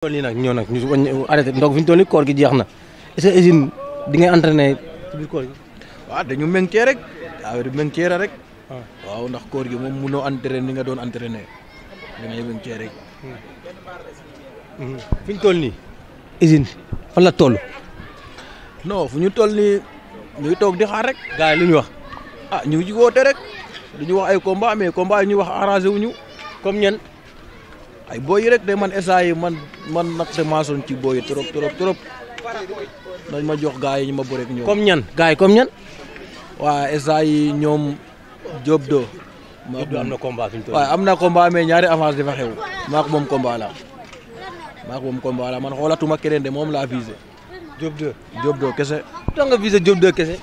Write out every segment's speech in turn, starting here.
tool yi nag ñoo nag ñu arrêté ndox fi ñu toll nii koor gi jeex na est-ce que usine di ngay entraîné ci biir koor gi. waaw dañu rek affaire bi meñcee rek. waaw ndax koor gi moom mënoo entraîné ni nga doon entraîné da ngay meñcee rek. Mm-hmm. fi ñu toll nii usine fan la toll. non fu ñu toll nii ñu toog di xaar rek. gars yi lu ñu wax. a ah, ñu ngi ci woote rek. du ñu wax ay combat mais combat yi ñuy wax arrangé ñu comme ñen ay booy rek de man essa yi man man nag de maasoon ci booy yi trop trop trop dañ ma jox gars yi ñu ma bëre ak ñoom. comme ñan gars yi comme ñan. waa essa yi ñoom Diop do maa am na combat fi ñu toll waaw am na combat mais ñaari avance dafa xew. maa moom komba la maa moom combat la man xoolatuma keneen de moom laa visé. Diop do Diop do kese. da nga visé Diop do kese.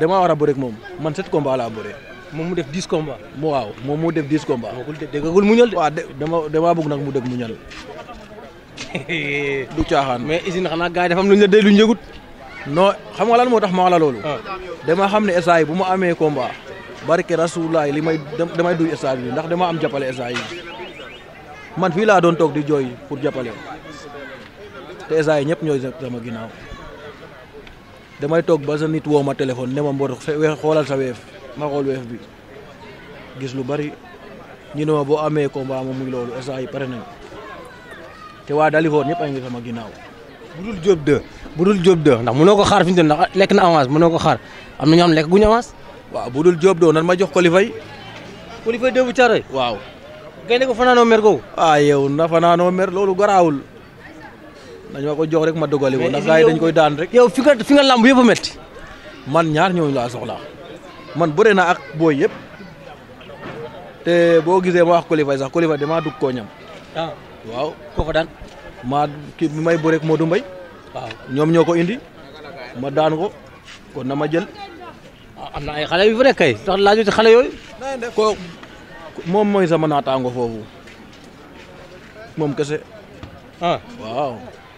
damaa war a bëre moom man set combat laa bëree. moom mu def dix combats. waaw moom mu def dix combats. déggagul mu ñal de. waaw de dama damaa bëgg nag mu dégg mu ñal. du caaxaan. mais usine xanaa gars yi dafa am lu ñu la dee lu ñu yëgut. xam nga lan moo tax ma la loolu. Ah. dama xam ne instant bu ma amee combat. barke rasulaay li may damay duy stade bi ndax dama am jàppale stade yi man fii laa doon toog di jooy pour jàppale te stade yi ñëpp ñooy sama ginnaaw damay toog ba sa nit woo ma téléphone ne ma mbor xoolal sa weef ma xool weef gis lu bari ñu ne ma boo amee combat ma muy loolu instant yi pare nañu te waa Dalifor ñëpp a ngi sama ginnaaw. bu dul Diop 2 bu dul Diop 2 ndax ko xaar fi ñu doon ndax lekk na avance mënoo ko xaar am na am xam lekk guñu avance. waaw bu dul Diop 2 ma jox kolifay. kolifay démb caaroy. waaw. gaynde ko fanaanoo mer googu. ah na fanaanoo mer loolu garaawul. dañ ma ko jox rek ma dogali ko. ndax gars dañ koy daan rek. yow fi nga fi nga làmb yëpp a man ñaar ñooñu soxla man bëre naa ak booy yëpp te boo gisee ma wax kolifay sax kolifay damaa dugg koo ñam. Ah. waaw kooku daan. maa kii bi may bëreeg Modou Mbaye. waaw ñoom ñoo ko indi ma daan ko kon na ma jël. Ah, am na ay xale yu fa nekk kay sax laaju ci xale yooyu. ko moom mooy sama naataango foofu moom kese. ah waaw.